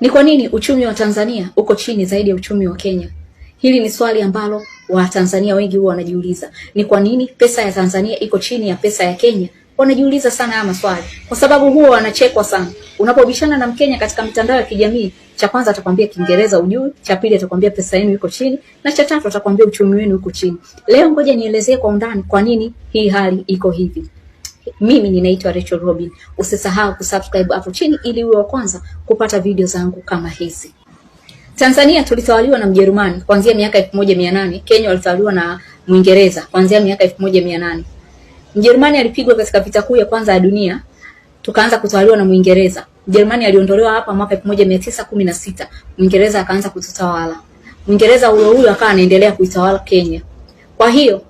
Ni kwa nini uchumi wa Tanzania uko chini zaidi ya uchumi wa Kenya? Hili ni swali ambalo Watanzania wengi huwa wanajiuliza. Ni kwa nini pesa ya Tanzania iko chini ya pesa ya Kenya? Wanajiuliza sana haya maswali, kwa sababu huwa wanachekwa sana. Unapobishana na Mkenya katika mitandao ya kijamii, cha kwanza atakwambia Kiingereza ujui, cha pili atakwambia pesa yenu iko chini, na cha tatu atakwambia uchumi wenu uko chini. Leo ngoja nielezee kwa undani kwa nini hii hali iko hivi. Mimi ninaitwa Rachel Robin. Usisahau kusubscribe hapo chini ili uwe wa kwanza kupata video zangu kama hizi. Tanzania tulitawaliwa na Mjerumani kuanzia miaka 1800, Kenya walitawaliwa na Mwingereza kuanzia miaka 1800. Mjerumani alipigwa katika vita kuu ya kwanza ya dunia, tukaanza kutawaliwa na Mwingereza. Mjerumani aliondolewa hapa mwaka 1916, Mwingereza akaanza kututawala. Mwingereza huyo huyo akawa anaendelea kuitawala Kenya. Kwa hiyo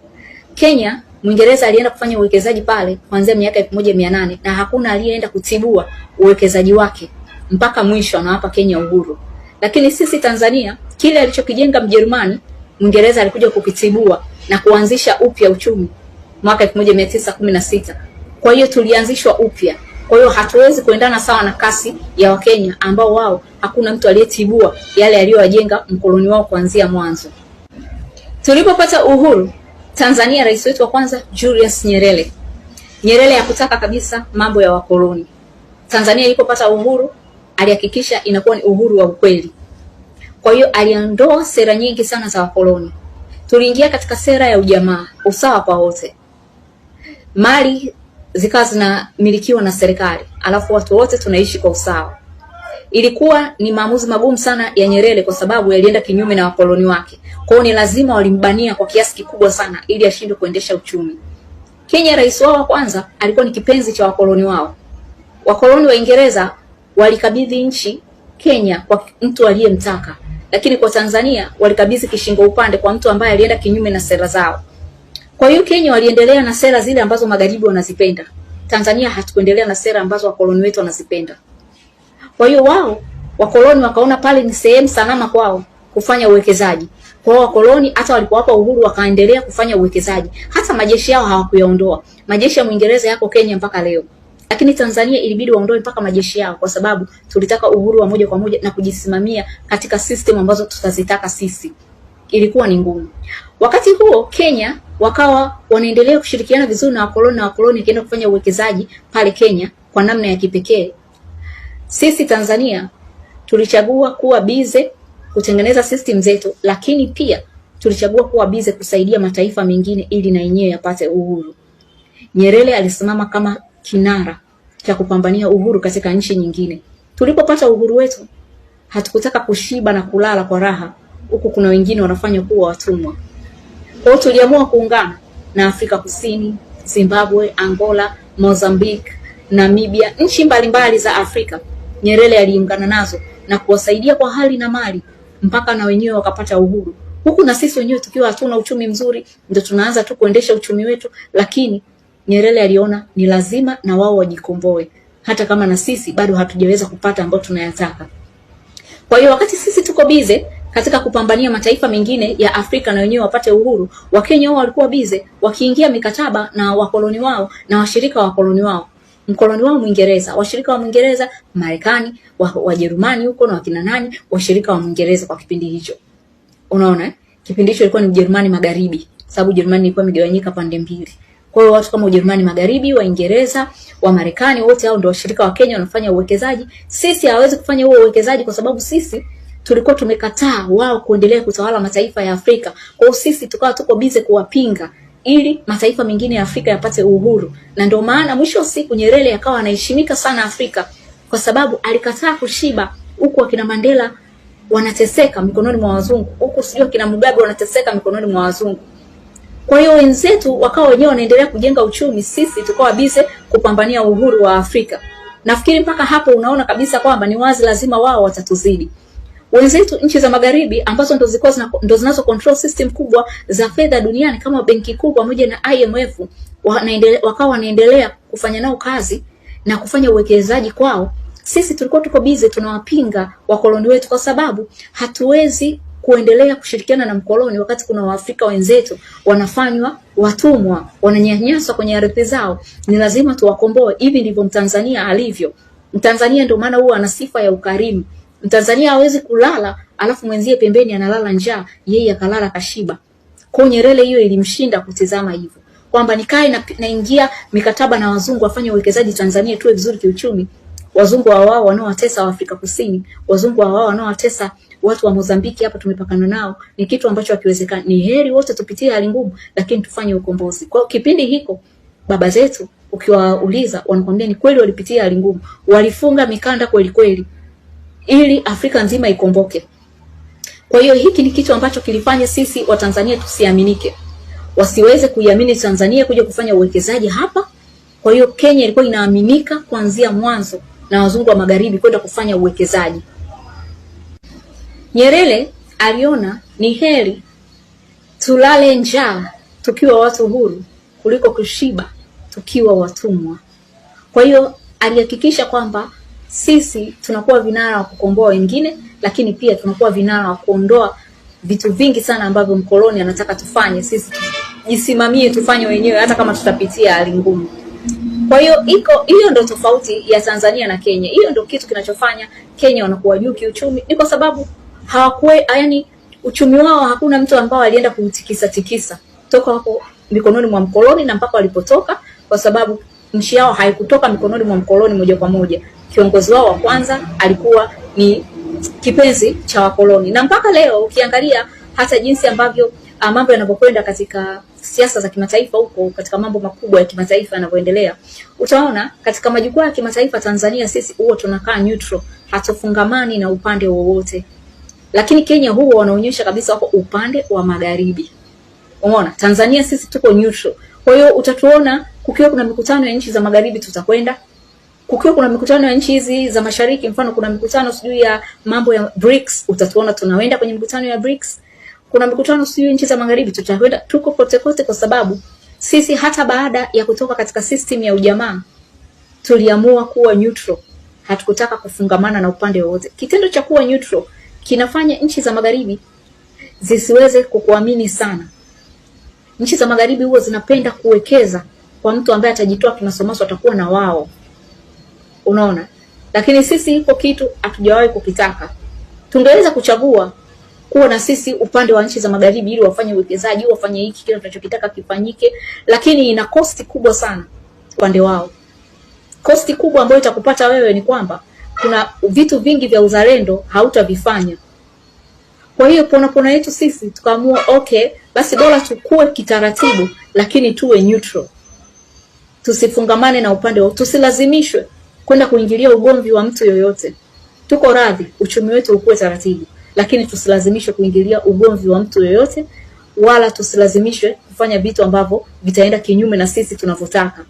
Kenya Mwingereza alienda kufanya uwekezaji pale kuanzia miaka elfu moja mia nane na hakuna aliyeenda kutibua uwekezaji wake mpaka mwisho anawapa Kenya uhuru. Lakini sisi Tanzania, kile alichokijenga Mjerumani, Mwingereza alikuja kukitibua na kuanzisha upya uchumi mwaka 1916. Kwa hiyo tulianzishwa upya. Kwa hiyo hatuwezi kuendana sawa na kasi ya Wakenya ambao wao hakuna mtu aliyetibua yale aliyowajenga mkoloni wao kuanzia mwanzo. Tulipopata uhuru Tanzania rais wetu wa kwanza Julius Nyerere, Nyerere hakutaka kabisa mambo ya wakoloni. Tanzania ilipopata uhuru alihakikisha inakuwa ni uhuru wa ukweli. Kwa hiyo aliondoa sera nyingi sana za wakoloni. Tuliingia katika sera ya ujamaa, usawa kwa wote, mali zikawa zinamilikiwa na serikali, alafu watu wote tunaishi kwa usawa. Ilikuwa ni maamuzi magumu sana ya Nyerere kwa sababu yalienda kinyume na wakoloni wake. Kwa hiyo ni lazima walimbania kwa kiasi kikubwa sana ili ashindwe kuendesha uchumi. Kenya, rais wao wa kwanza alikuwa ni kipenzi cha wakoloni wao. Wakoloni wa Uingereza walikabidhi nchi Kenya kwa mtu aliyemtaka, lakini kwa Tanzania walikabidhi kishingo upande kwa mtu ambaye alienda kinyume na sera zao. Kwa hiyo Kenya waliendelea na sera zile ambazo magharibi wanazipenda. Tanzania hatukuendelea na sera ambazo wakoloni wetu wanazipenda. Kwa hiyo wao wakoloni wakaona pale ni sehemu salama kwao kufanya uwekezaji. Kwa hiyo wakoloni hata walipowapa uhuru wakaendelea kufanya uwekezaji. Hata majeshi yao hawakuyaondoa. Majeshi ya Mwingereza yako Kenya mpaka leo. Lakini Tanzania ilibidi waondoe mpaka majeshi yao kwa sababu tulitaka uhuru wa moja kwa moja na kujisimamia katika system ambazo tutazitaka sisi. Ilikuwa ni ngumu. Wakati huo Kenya wakawa wanaendelea kushirikiana vizuri na wakoloni na wakoloni wakienda kufanya uwekezaji pale Kenya kwa namna ya kipekee. Sisi Tanzania tulichagua kuwa bize kutengeneza system zetu, lakini pia tulichagua kuwa bize kusaidia mataifa mengine ili na yenyewe yapate uhuru. Nyerere alisimama kama kinara cha kupambania uhuru katika nchi nyingine. Tulipopata uhuru wetu hatukutaka kushiba na kulala kwa raha, huku kuna wengine wanafanya kuwa watumwa. Kwa hiyo tuliamua kuungana na Afrika Kusini, Zimbabwe, Angola, Mozambique, Namibia, nchi mbalimbali za Afrika Nyerere aliungana nazo na kuwasaidia kwa hali na mali mpaka na wenyewe wakapata uhuru, huku na sisi wenyewe tukiwa hatuna uchumi mzuri, ndio tunaanza tu kuendesha uchumi wetu, lakini Nyerere aliona ni lazima na wao wajikomboe, hata kama na sisi bado hatujaweza kupata ambayo tunayataka. Kwa hiyo wakati sisi tuko bize katika kupambania mataifa mengine ya Afrika na wenyewe wapate uhuru, Wakenya wao walikuwa bize wakiingia mikataba na wakoloni wao na washirika wa wakoloni wao mkoloni wao Mwingereza, washirika wa Mwingereza Marekani, Wajerumani huko na wakina nani, washirika wa Mwingereza kwa kipindi hicho. Unaona Kipindi hicho ilikuwa ni Ujerumani Magharibi, sababu Ujerumani ilikuwa imegawanyika pande mbili. Kwa hiyo watu kama Ujerumani Magharibi, Waingereza, wa Marekani, wote hao ndio washirika wa Kenya wanafanya uwekezaji. Sisi hawezi kufanya huo uwekezaji kwa sababu sisi tulikuwa tumekataa wao kuendelea kutawala mataifa ya Afrika. Kwa hiyo sisi tukawa tuko bize kuwapinga ili mataifa mengine ya Afrika yapate uhuru. Na ndio maana mwisho wa siku Nyerere akawa anaheshimika sana Afrika kwa sababu alikataa kushiba huku akina Mandela wanateseka mikononi mwa wazungu, huku sijui akina Mugabe wanateseka mikononi mwa wazungu. Kwa hiyo wenzetu wakawa wenyewe wanaendelea kujenga uchumi, sisi tukawa bize kupambania uhuru wa Afrika. Nafikiri mpaka hapo unaona kabisa kwamba ni wazi lazima wao watatuzidi wenzetu nchi za magharibi ambazo ndo zilikuwa zina, ndo zinazo control system kubwa za fedha duniani kama benki kuu pamoja na IMF wakawa wanaendelea kufanya nao kazi na kufanya uwekezaji kwao. Sisi tulikuwa tuko busy tunawapinga wakoloni wetu, kwa sababu hatuwezi kuendelea kushirikiana na mkoloni wakati kuna Waafrika wenzetu wanafanywa watumwa, wananyanyaswa kwenye ardhi zao. Ni lazima tuwakomboe. Hivi ndivyo Mtanzania alivyo. Mtanzania ndio maana huwa ana sifa ya ukarimu. Mtanzania hawezi kulala alafu mwenzie pembeni analala njaa, yeye akalala kashiba. Kwa Nyerere hiyo ilimshinda kutizama hivyo kwamba nikae na, naingia mikataba na wazungu wafanye uwekezaji Tanzania, tuwe vizuri kiuchumi. Wazungu hao wao wanaowatesa Afrika Kusini, wazungu hao wao wanaowatesa watu wa Mozambiki, hapa tumepakana nao, ni kitu ambacho hakiwezekani. Ni heri wote tupitie hali ngumu, lakini tufanye ukombozi. Kwa kipindi hiko baba zetu ukiwauliza, wanakwambia ni kweli walipitia hali ngumu, walifunga mikanda kweli kweli ili Afrika nzima ikomboke. Kwa hiyo hiki ni kitu ambacho kilifanya sisi Watanzania tusiaminike, wasiweze kuiamini Tanzania kuja kufanya uwekezaji hapa. Kwa hiyo Kenya ilikuwa inaaminika kuanzia mwanzo na wazungu wa magharibi kwenda kufanya uwekezaji. Nyerere aliona ni heri tulale njaa tukiwa watu huru kuliko kushiba tukiwa watumwa. Kwa hiyo alihakikisha kwamba sisi tunakuwa vinara wa kukomboa wengine, lakini pia tunakuwa vinara wa kuondoa vitu vingi sana ambavyo mkoloni anataka tufanye. Sisi jisimamie tufanye wenyewe, hata kama tutapitia hali ngumu. Kwa hiyo iko hiyo, ndo tofauti ya Tanzania na Kenya. Hiyo ndo kitu kinachofanya Kenya wanakuwa juu kiuchumi, ni kwa sababu hawakuwe, yani, uchumi wao hakuna mtu ambao alienda kumtikisa tikisa toka hapo mikononi mwa mkoloni na mpaka walipotoka, kwa sababu nchi yao haikutoka mikononi mwa mkoloni moja kwa moja kiongozi wao wa kwanza alikuwa ni kipenzi cha wakoloni, na mpaka leo ukiangalia hata jinsi ambavyo ah, mambo yanavyokwenda katika siasa za kimataifa huko, katika mambo makubwa ya kimataifa yanavyoendelea, utaona katika majukwaa ya kimataifa Tanzania sisi huwa tunakaa neutral, hatufungamani na upande wowote, lakini Kenya huwa wanaonyesha kabisa wako upande wa magharibi. Umeona, Tanzania sisi tuko neutral. Kwa hiyo utatuona kukiwa kuna mikutano ya nchi za magharibi tutakwenda kukiwa kuna mikutano ya nchi hizi za mashariki, mfano kuna mikutano sijui ya mambo ya BRICS, utatuona tunaenda kwenye mikutano ya BRICS. Kuna mikutano sijui nchi za magharibi, tutakwenda, tuko kote kote, kwa sababu sisi hata baada ya kutoka katika system ya ujamaa tuliamua kuwa neutral, hatukutaka kufungamana na upande wowote. Kitendo cha kuwa neutral kinafanya nchi za magharibi zisiweze kukuamini sana. Nchi za magharibi huwa zinapenda kuwekeza kwa mtu ambaye atajitoa kimasomaso, atakuwa na wao unaona. Lakini sisi hiko kitu hatujawahi kukitaka. Tungeweza kuchagua kuwa na sisi upande wa nchi za magharibi ili wafanye uwekezaji, wafanye hiki kile tunachokitaka kifanyike, lakini ina kosti kubwa sana upande wao. Kosti kubwa ambayo itakupata wewe ni kwamba kuna vitu vingi vya uzalendo hautavifanya. Kwa hiyo pona pona yetu sisi tukaamua okay, basi bora tukue kitaratibu, lakini tuwe neutral, tusifungamane na upande wa, tusilazimishwe kwenda kuingilia ugomvi wa mtu yoyote. Tuko radhi uchumi wetu ukue taratibu, lakini tusilazimishwe kuingilia ugomvi wa mtu yoyote, wala tusilazimishwe kufanya vitu ambavyo vitaenda kinyume na sisi tunavyotaka.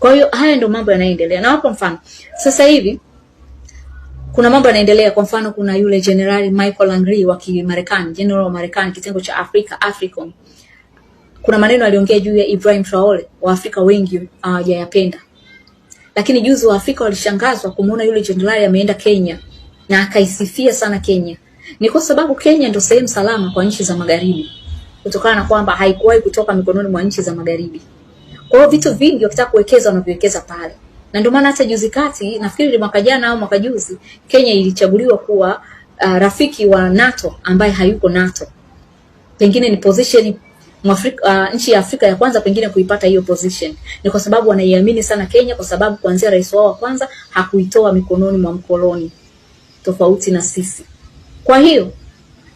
Kwa hiyo haya ndio mambo yanayoendelea, na hapo mfano sasa hivi kuna mambo yanaendelea. Kwa mfano, kuna yule General Michael Langley wa Kimarekani, general wa Marekani kitengo cha Afrika Africom, kuna maneno aliongea juu ya Ibrahim Traore, Waafrika wengi uh, hawajayapenda. Uh, lakini juzi Waafrika walishangazwa kumuona yule jenerali ameenda Kenya na akaisifia sana Kenya. Ni kwa sababu Kenya ndio sehemu salama kwa nchi za magharibi, kutokana na kwamba haikuwahi kutoka mikononi mwa nchi za magharibi. Kwa hiyo vitu vingi wakitaka kuwekeza wanaviwekeza pale, na ndio maana hata juzi kati, nafikiri ni mwaka jana au mwaka juzi, Kenya ilichaguliwa kuwa uh, rafiki wa NATO ambaye hayuko NATO. Pengine ni position Mwafrika, uh, nchi ya Afrika ya kwanza pengine kuipata hiyo position ni kwa sababu wanaiamini sana Kenya, kwa sababu kuanzia rais wao wa kwanza hakuitoa mikononi mwa mkoloni, tofauti na sisi. Kwa hiyo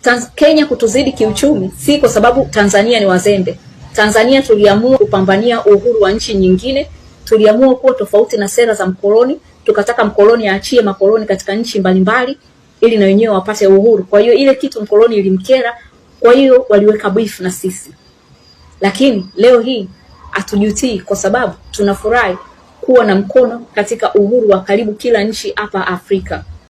Tanz Kenya kutuzidi kiuchumi si kwa sababu Tanzania ni wazembe. Tanzania tuliamua kupambania uhuru wa nchi nyingine, tuliamua kuwa tofauti na sera za mkoloni, tukataka mkoloni aachie makoloni katika nchi mbalimbali ili na wenyewe wapate uhuru. Kwa hiyo ile kitu mkoloni ilimkera, kwa hiyo waliweka beef na sisi lakini leo hii hatujutii kwa sababu tunafurahi kuwa na mkono katika uhuru wa karibu kila nchi hapa Afrika.